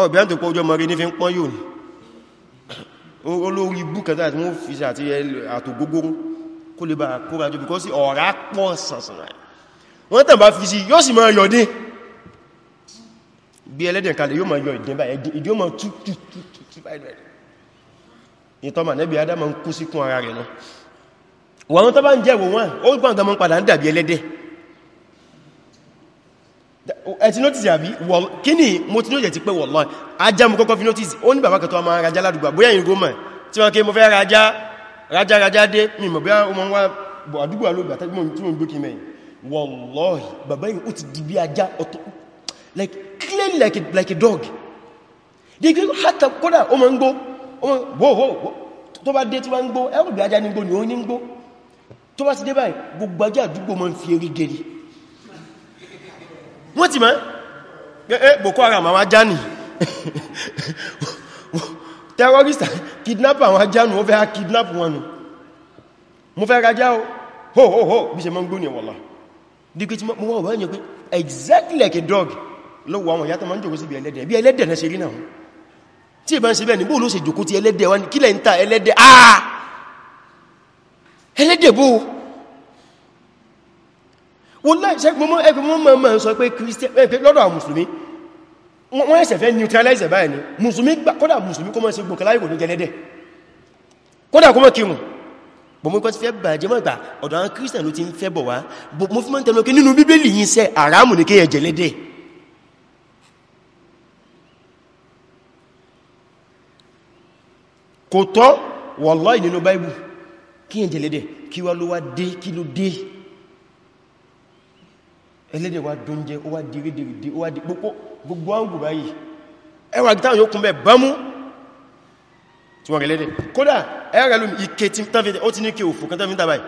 ọ̀ bí á ń tó pọ́jọ́ mọ́rí ní fi ń pọ́n yóò ní olórí búkẹta àti wọ́n fi àti àtògógóró kó lè bá kóra jù bíkọ́ sí ọ̀rá pọ̀ sànsàn wọ́n tàn bá fi sí yóò sì máa yọ̀dín bí ẹlẹ́dẹ̀ kalẹ̀ yóò máa yọ ìdín báyìí ìdí ó máa tú tú tú tú báyìí ìtọ́mà nẹ́bí adama ń kú síkún ara rẹ̀ náà wọ́n tó bá ń jẹ́ ìwòwọ́n ó gbọ́n gan mọ́ padà ń dàbí ẹlẹ́dẹ̀ ẹ̀tí notice àbí kí ni mo ti lóòjẹ̀ ti pé wallahi ajá mú kọ́kọ́ fi notice ó ní bàbá kẹtọ́ ọmọ rajá ládùgbà bóyá ìrìn gómọ̀ tí wọ́n ké mo fẹ́ rajá rajá rajá dé mi mọ̀ bí wọ́n wá àdúgbò alóògbà tí mo ń gbé kí bàbá yìí ó ti di bí ajá ọ̀tọ̀ like clearly like a, dog they go kódà ó mọ̀ ń gbó tó bá dé tí wọ́n ń gbó ẹ̀rù bí ajá ní gbó ni ó ní gbó tó bá ti dé báyìí gbogbo ajá àdúgbò ma ń fi erí gẹ̀rì wọ́n ti máa ẹ́ Boko Haram àwọn ajá nì <laughs> terrorist kidnapper àwọn ajá nù kidnap wọn nù mo fẹ́ ho ho ho bí ṣe ma ń gbó ní wọ́lá díkí exactly like a dog lọ́wọ́ àwọn ìyá tó ma ń jòkó sí bí ẹlẹ́dẹ̀ bí ẹlẹ́dẹ̀ ṣe rí náà tí ìbá ń ṣe bẹ́ẹ̀ ní bóòlù sì jòkó ti ẹlẹ́dẹ̀ wá ní kílẹ̀ ń ta ẹlẹ́dẹ̀ àà ah! ẹlẹ́dẹ̀ bó wọ́n láì sẹ́gbọ́n ẹgbẹ̀mọ́ mọ́ sọ pé lọ́dọ̀ àwọn mùsùlùmí wọ́n ẹ̀sẹ̀ fẹ́ neutralize báyìí ni mùsùlùmí kódà mùsùlùmí kó mọ́ sí gbọ̀nkẹ́ láìkò ní jẹlẹ́dẹ̀ kódà kó mọ́ kírùn bọ̀ mọ́ fẹ́ bàjẹ́ mọ́ ìgbà ọ̀dọ̀ àwọn kírísítẹ̀ ló ti ń fẹ́ bọ̀ wá mo fi mọ́ ń tẹnu kí nínú bíbélì yìí sẹ́ àrámù ní kí ẹ jẹlẹ́dẹ̀ kò tọ́ wallahi nínú báìbù kí yẹn jẹlẹ́dẹ̀ kí wá ló wá dé kí ló dé ẹlẹ́dẹ̀ wá dóúnjẹ ó wá dérédèrèdè ó wá dé gbogbo ángù báyìí ẹwà gítà yóò kún bẹ bámú tí wọ́n rẹ̀lẹ́dẹ̀ kódà ẹ̀rẹ̀ lómi ike tí tánfẹ́ ó ti ní kí òfò kan tánfẹ́ tàbáyì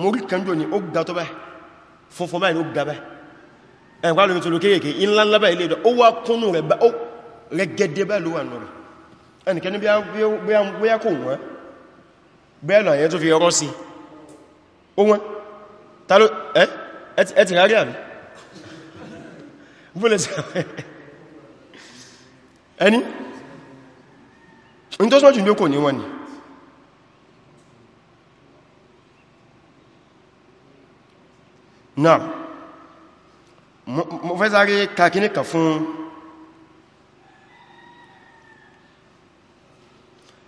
mo rí kanjọ ẹnikẹni bóyá kò wọ́n bẹ́ẹ̀lọ àyẹ́ tó fi ọrọ́ sí ó wọ́n tàló ẹ ti rárí àmì bóòlẹ̀ sí ẹni ní tó sọ́jú ní kò ní wọ́n ni náà mo fẹ́ sáré kàkíníkà fún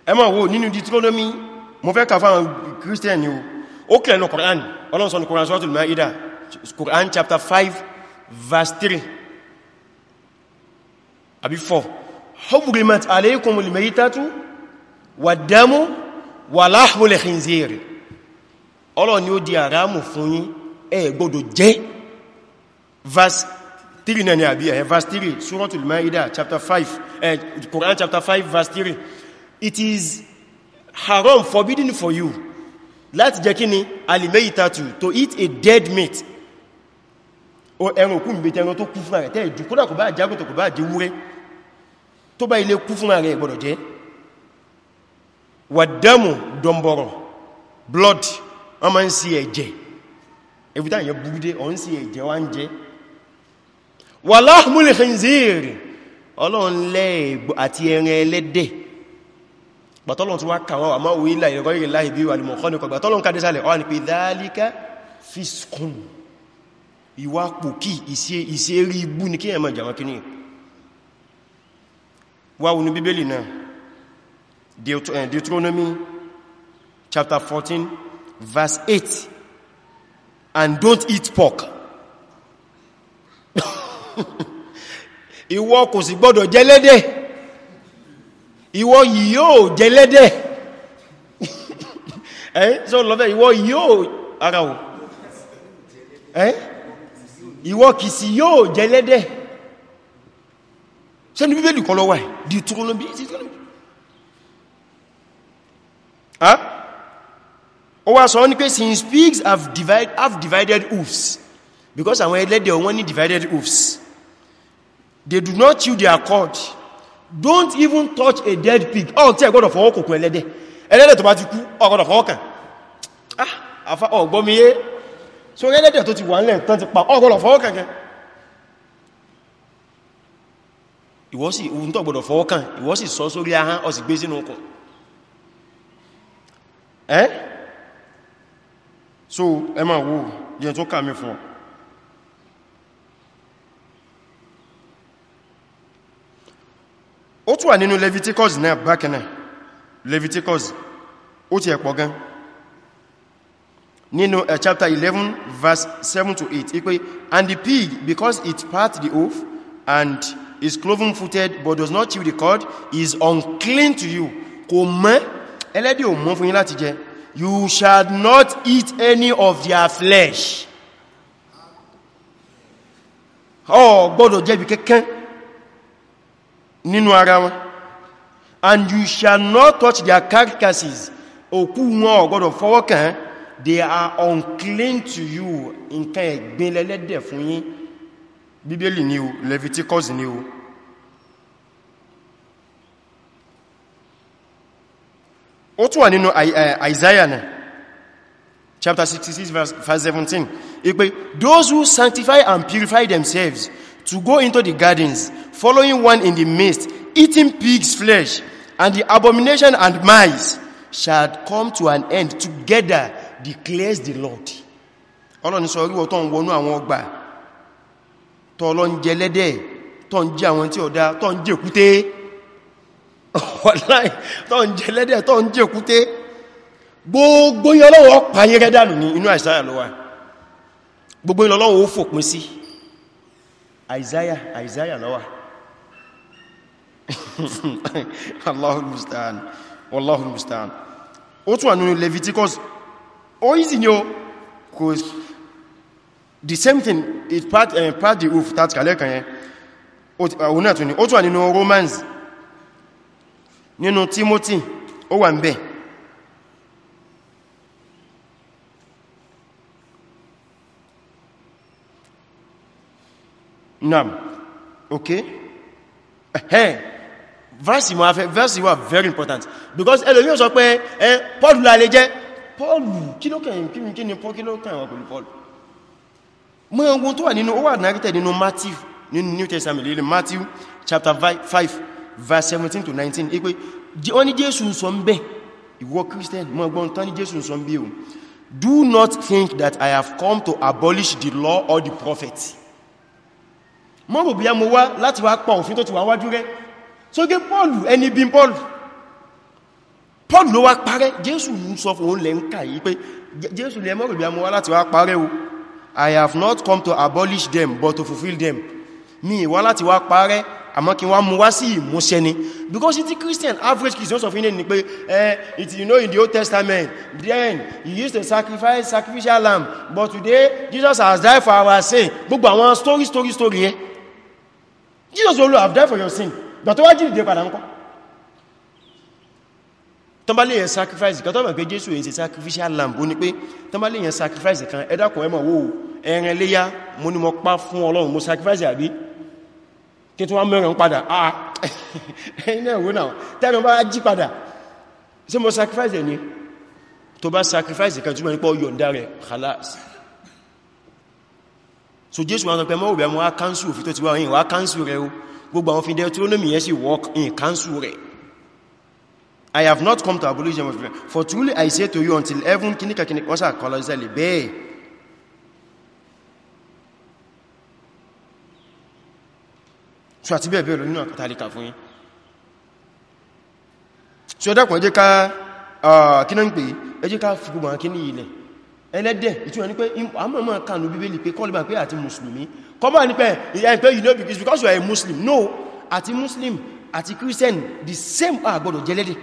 ẹ wo nínú Deuteronomy mo fẹ́ kà fáwọn Christian ni o ó kìlẹ̀ ní Quran Ọlọ́run sọ ní Quran Suratul Maida Quran chapter 5 verse 3 àbí 4 huburimat alaykumul maytatu wad-damu wa lahmul khinziri Ọlọ́run ni ó di àrámù fún yín ẹ gbọ́dọ̀ jẹ verse 3 náà ni àbí ẹ̀ verse 3 Suratul Maida chapter 5 eh, Quran chapter 5 verse 3 it is haram forbidden for you láti jẹ́ kíni alimayitatu to eat a dead meat o ẹran òkú mbete ẹran tó kú fún ààrẹ tẹ́ẹ̀dù kódà kò bá jágùn tó kò bá jẹ wúrẹ́ tó bá ilé kú fún ààrẹ gbọ́dọ̀ jẹ wàdámù dọmbọ̀rọ̀ blood wọ́n ma ń sí ẹ̀jẹ̀ everytime yẹ burúdé ọ ń sí ẹ̀jẹ̀ wá ń jẹ wà lahmul ọlọ́run lẹ́ẹ̀gbọ́ àti ẹran ẹlẹ́dẹ̀ gbàtọ́lọ̀n tí wá kàwọn àmá òwe ilá ìrọ̀gọ́rìn láì bí wàlùmọ̀ kọ́nìkọ̀ gbàtọ́lọ̀n kàdé sálẹ̀ ọ́nà pé dhalika fiskun ìwà pòkí ìṣẹ́ rí ibú ní kí ẹ̀mọ̀ ìjàmọ́ kíní wáwọn ní bíbélì náà eh, Deuteronomy chapter 14 verse 8 and don't eat pork <laughs> ìwọ kò sì gbọ́dọ̀ ìwọ yóò jẹlẹ́dẹ̀ <laughs> ẹ́ so lọ́bẹ̀ ìwọ yóò ara o ẹ́ ìwọ kìsì yóò jẹlẹ́dẹ̀ ṣe ni bíbélì kọ́ lọ́wà di túnlọ bí i ó wá sọ ní pé since pigs have divided, have divided hoofs because àwọn ẹlẹ́dẹ̀ wọ́n ní divided hoofs they do not chew their cord don't even touch a dead pig ọ̀ oh, tí ẹgbọ́dọ̀ fọwọ́ kòkò ẹlẹ́dẹ̀ ẹlẹ́dẹ̀ tó bá ti kú ọgbọ́dọ̀ fọwọ́ kàn ah àfá ọgbọ́miyé so ẹlẹ́dẹ̀ tó ti wà nílẹ̀ tán ti pa ọgbọ́dọ̀ fọwọ́ kàn kàn ìwọ sì ohun tó gbọ́dọ̀ fọwọ́ kàn ìwọ sì sọ sórí ahán ó sì gbé sínú ọkọ̀ ẹ́ so ẹ máa wo yẹn tó kà mí fún ó tún wà nínú Leviticus náà bákanáà Leviticus ó ti ẹ̀pọ̀ gan nínú uh, chapter 11 verse 7 to 8 ipé and the pig because it part the oath and is cloven-footed but does not chew the cord is unclean to you kò mọ́ ẹlẹ́dẹ̀ ò mọ́ fún yín láti jẹ you shall not eat any of their flesh o gbọ́dọ̀ jẹ̀bi kẹ́kẹ́ nínú ara wọn and you shall not touch their carcasses òkú wọn ò gbọdọ̀ fọwọ́ kàn they are unclean to you nǹkan ẹ̀gbin lẹ́lẹ́dẹ̀ fún yín bíbélì ni o Leviticus ni o ó tún wà nínú eh, Isaiah náà chapter 66 verse 17 ìpé those who sanctify and purify themselves to go into the gardens, following one in the midst, eating pig's flesh, and the abomination and mice shall come to an end together, declares the Lord. Ọlọ́run sọ oríwọ̀ tó wọnú àwọn ọgbà, tó lọ ń jẹ lẹ́dẹ̀, tó ń jẹ àwọn tí ọ̀dá, <laughs> tó ń jẹ èkúté, gbogbo yọ lọ́wọ́ pàyẹrẹ dànù ní inú àìsáyà lọ́wà, gbogbo yọ fòpin sí. Isaiah Isaiah lọ́wà <laughs> Allahu musta'an Allahu musta'an ó tún wà nínú Leviticus ó yí sí ni ó kò the same thing it part uh, part the roof that kàlẹ́ kan yẹn òun náà tún ni ó tún wà Romans nínú Timothy ó wà ń bẹ́ẹ̀ naam okay eh verse mo afẹ́ verse wa very important because ẹlòmí sọ pé eh Paul la lè jẹ́ Paul kí ló kàn kí Paul kí ló kàn wá Paul mo ngun tó wà nínú ó wà narrated nínú Matthew nínú New Testament le Matthew chapter 5 verse 17 to 19 ipe ó ní Jésù sọ ńbẹ̀ ìwọ Christian mo gbọ́ tán ní Jésù sọ ńbẹ̀ o do not think that I have come to abolish the law or the prophets mọ́ rò bí a mọ́ wá láti wá pa òfin tó ti wà wájú rẹ̀ tó gé pọ́ọ̀lù ẹni bí pọ́ọ̀lù pọ́ọ̀lù ló wá parẹ́ jésù ń sọ fún òun lẹ́ ń kà yí pé jésù lẹ́ mọ́ rò bí a mọ́ wá láti wá parẹ́ o i have not come to abolish them but to fulfill them mi wá láti wá parẹ́ àmọ́ kí wá mú wá sí ìmúṣẹ ni because it's christian average christians of india ni pé eh it you know in the old testament then he used to sacrifice sacrificial lamb but today jesus has died for our sin gbogbo àwọn story story story eh Jesus will have died for your sin but wá jíde padà ń kọ́ tán bá lè yẹn sacrifice kan tó mọ̀ pé Jésù èyí ṣe sacrificial lamb ó ní pé tán bá lè sacrifice kan ẹ dákun ẹ máa wò ẹran léyá mo ní mo pa fún Ọlọ́run mo sacrifice àbí kí wa wá mẹ́rin padà ah <laughs> ẹ̀yìn náà wó náà tẹ́nu bá jí padà mo sacrifice ni. ní tó sacrifice kan túnmọ̀ nípa ọyọ̀ ń dá rẹ̀ halas so Jésù wọn sọ pé mọ́ òbí àwọn akánsù òfin tó ti wá yìí wá kánsù rẹ̀ o gbogbo àwọn fi deuteronomy yẹn sì work in kánsù rẹ̀ i have not come to abolition of for truly i say to you until heaven kíníkà kíní wọ́n sà kọlọ ìsẹ́lẹ̀ bẹ́ẹ̀ so àti bẹ́ẹ̀ bẹ́ẹ̀ lọ nínú àkàtàlíkà fún yín so ẹ̀dàkùn ẹjẹ́ ká ah, kí náà ń pè ẹjẹ́ ká fi gbogbo àwọn kíní ilẹ̀ ẹlẹ́dẹ̀ ìtúwẹ̀ ní pé àmọ́mọ́ kanú bíbélì pé kọ́lùbà pé àti mùsùlùmí kọ́mọ̀ ní pé ìyá ìpé you know because because you are a muslim no àti muslim àti christian the same are gbọ́dọ̀ jẹ́lẹ́dẹ̀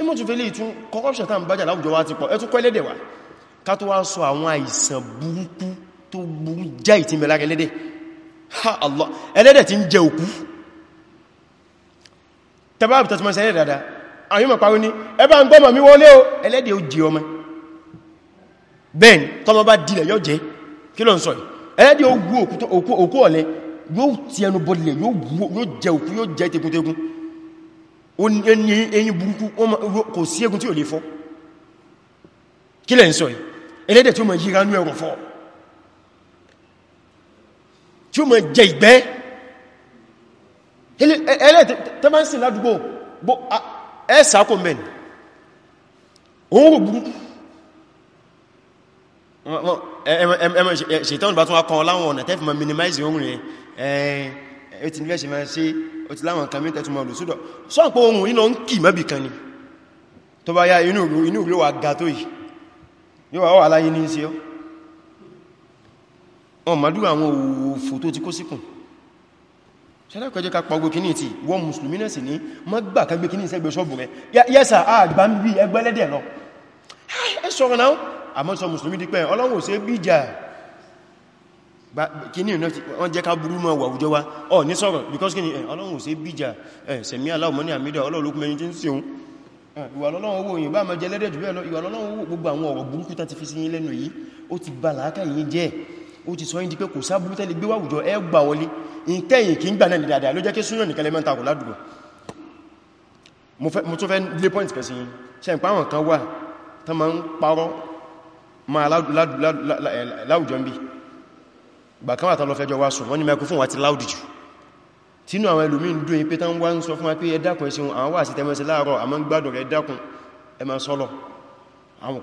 imọ́ tún fẹ́lẹ̀ ìtún corruption tán bájà láwùjọ wá ti pọ̀ ẹ tún kọ́ ẹlẹ́dẹ̀ wá ká tó wá sọ àwọn àìsàn burúkú tó burú já ìtí mẹ́lá ẹlẹ́dẹ̀ ha Allah ẹlẹ́dẹ̀ ti ń jẹ òkú tẹbáàbì tàbí mọ́ sí ẹlẹ́dẹ̀ dáadáa àwọn ìmọ̀ parí ní ẹbá ń gbọ́mọ̀ mi wọlé o ẹlẹ́dẹ̀ ó jẹ ọmọ bẹ́ẹ̀ni tọ́mọ bá dìlẹ̀ yóò jẹ kí ló ń sọ yìí ẹlẹ́dẹ̀ ó wú òkú ọ̀lẹ́ yóò ti ẹnu bọ́dìlẹ̀ yóò jẹ òkú yóò jẹ tẹkùntẹkùn ẹyin burúkú kò sí egun tí ò lè fọ́ kí lẹ́ ń sọ yìí ẹlẹ́dẹ̀ tí ó mọ̀ yíra nú ẹ̀rọ̀ fọ́ tí ó mọ̀ jẹ ìgbẹ́ ẹlẹ́dẹ̀ tẹ́mánsìn ládùúgbò ẹ sàkó mẹ́n òun rò burúkú ṣètọ́nù bá tún wá kan láwọn ọ̀nà tẹ́fì ma minimize ohun rẹ̀ ẹ̀ ti nílẹ̀ ṣe máa ṣe o ti láwọn kàmí tẹ́tù máa lò súdọ̀ sọ́n pé ohun iná ń kì mẹ́bì kan ni tó bá yá inú ìlú wà ga tó yìí yóò wà wà láyé ní ṣe ọ́ ṣẹlẹ́kọ̀ẹ́jẹ́ ká pa ogun kìíní tí wọ́n mùsùlùmí náà sì ní mọ́gbà kan gbé kìíní sẹ́gbẹ̀ ṣọ́bù rẹ̀ yẹ́sà àgbà ń bí ẹgbẹ́lẹ́dẹ̀ lọ ẹ sọ̀rọ̀ náà àmọ́ sọ mùsùlùmí dípẹ́ ọlọ́run ò ṣe bíjà kìíní wọ́n jẹ́ ká burú mọ́ wàwùjọ wa ọ ní sọ̀rọ̀ because kìíní ọlọ́run ò ṣe bíjà sẹ̀mí aláwọ̀mọ́ ní àmìdá ọlọ́run ó ti sọ yí di pé kò sábúrú tẹ́lẹ̀ gbé wáwùjọ ẹ gbà wọlé ìtẹ́yìn kí ń gbà náà ní dáadáa ló jẹ́ kí súnà nìkan lẹ́mọ́ta kò ládùgbò mo tún fẹ́ lé point kẹsí yìí ṣe ń pàwọn kan wà tán ma ń parọ́ ma láwùjọ ń bí ni microphone wa pé ẹ dákun ẹ̀sìn àwọn wà sí tẹ́mẹ́sẹ̀ láàárọ̀ àmọ́ ń gbádùn rẹ̀ dákun ẹ ma sọ́lọ̀ àwọn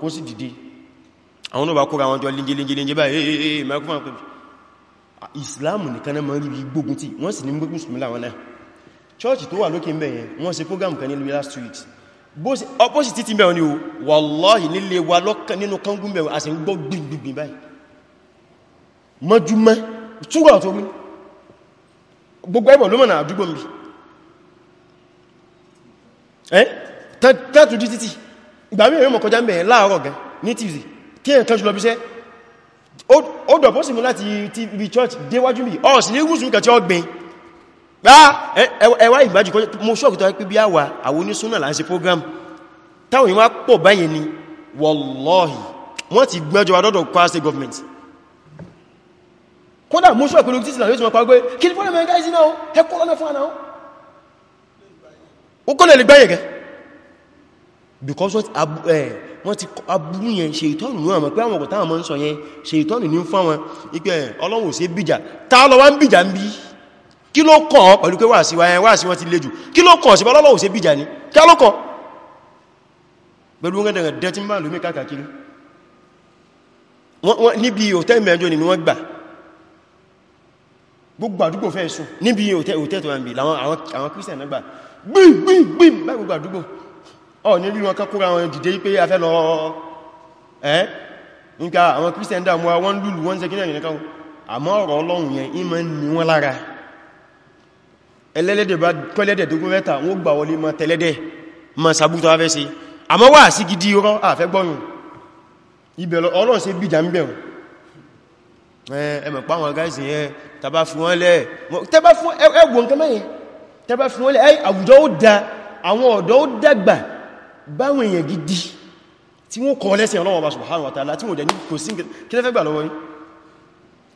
àwọn náà bá kóra àwọn jọ líjìlíjìlíjì báyìí mẹ́kúnmọ̀ pẹ̀lú Islam nìkan náà mọ́rí gbógun tí wọ́n sì ní gbógun sùmílà wọn náà church tó wà lókè mẹ́yẹn wọ́n ṣe program kan nílùú last week opposite ti mẹ́rin ni o wallahi nílé wa lọ́kàn nínú kangun mẹ́rin a sì ń gbọ́ gbìngbìn báyìí mọ́júmọ́ túrọ̀ tó rí gbogbo ẹ̀mọ̀ ló mọ̀ náà àdúgbò mi ẹ́ tàtù dí títì ìgbà mí ẹ̀rọ mọ̀ kọjá mẹ́rin láàárọ̀ gan ní Tuesday kí èyàn kánjú lọ bí iṣẹ́ ó dọ̀pọ̀ sí mú láti ti ibi church déwájú mi ọ̀ sí ní wùsù kàtí ọgbìn bá ẹwà ìgbájú kọjá mo ṣọ́ọ̀kì tó pí bí àwà àwọn onísúnà láti program táwọn ìwá pọ̀ báyìí ni wallahi wọ́n ti gbẹ́jọ adọ́dọ̀ kwara state government kódà mo ṣọ́ọ̀kì lórí títí làrísí mọ́pàá pé kí ní fọ́nà mẹ́rin gáìsí náà ẹkọ́ lọ́nà fún àná ó kọ́lẹ̀ lè gbáyẹ̀ gẹ́ because what eh, wọ́n ti aburú yẹn ṣètọ́nù ní àmọ́ pé àwọn ọ̀gọ̀ta àmọ́ ń sọ yẹn ṣètọ́nù ní fún wọn ipẹ́ ọlọ́wọ̀ sí bìjà ta lọ wá ń bìjà ń bí kí ló kàn pẹ̀lú pé wà sí wọ́n ti lè jù kí ló kàn sí bá lọ́wọ̀ sí bìjà ní kí ló kàn pẹ̀lú rẹ̀dẹ̀rẹ̀dẹ̀ tí máa lómi káàkiri níbi òtẹ́ mẹ́jọ ni wọ́n gbà gbogbo àdúgbò fẹ́ sùn níbi òtẹ́ tó wà ń bì láwọn àwọn kírísẹ̀ náà gbà gbìn gbìn gbìn bá ọ̀ nílùú wọn kankúra wọn dìde pé a fẹ́ lọ ẹ́ nígbà àwọn christian dámú wọn lùlù wọn zẹ́gínà nìkan àmọ́ ọ̀rọ̀ ọlọ́run yẹn ìmọ̀ ní wọn lára ẹlẹ́lẹ́dẹ̀ bá kọ́lẹ́dẹ̀ tó gún mẹ́ta wọ́n gbà wọlé ma tẹ́lẹ́dẹ̀ ma sàbútọ afẹ́ sí àmọ́ wà sí gidi rọ́ àfẹ́ gbọ́yùn ibẹ̀lọ ọlọ́run sí bìjà ń bẹ̀rùn ẹmọ̀ pa àwọn gáìsì yẹn tàbá fún wọn lẹ́ ẹgbùn kẹ́mẹ́yìn tàbá fún wọn lẹ́ àwùjọ ó da àwọn ọ̀dọ́ ó dàgbà báwọn èèyàn gidi tí wọ́n kọ́ lẹ́sìn Ọlọ́run Ọba subhanahu wa ta'ala tí wọ́n dẹ̀ ní kò sí kílẹ́fẹ́ gbà lọ́wọ́ yìí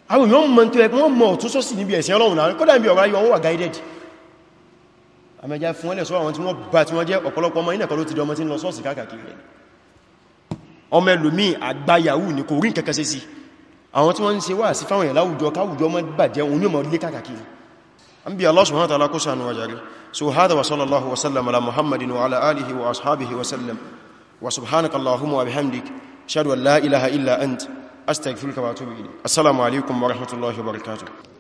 àwọn èèyàn mọ̀ tó ẹkùn wọ́n mọ̀ ọ̀tún sọ́sì níbi ẹ̀sìn Ọlọ́run náà kọ́dà níbi ọ̀rọ̀ ayọ́ wọ́n wà guided àmẹ́já fún ẹlẹ̀ sọ àwọn tí wọ́n bá tí wọ́n jẹ́ ọ̀pọ̀lọpọ̀ ọmọ inẹ̀kọ́ ló ti dọmọ tí ń lọ sọ́ọ̀sì káàkiri ọmọ ẹlòmí àgbà yahoo ní kò rí kẹ́kẹ́ sí sí àwọn tí wọ́n ń ṣe wà sí fáwọn ìlàwùjọ káwùjọ mọ́ bàjẹ́ òun ní ọmọ ilé káàkiri سو هذا وصلى الله وسلم على محمد وعلى آله وأصحابه وسلم وسبحانك اللهم وبحمدك شهد أن لا إله إلا أنت أستغفرك وأتوب إليك السلام عليكم ورحمة الله وبركاته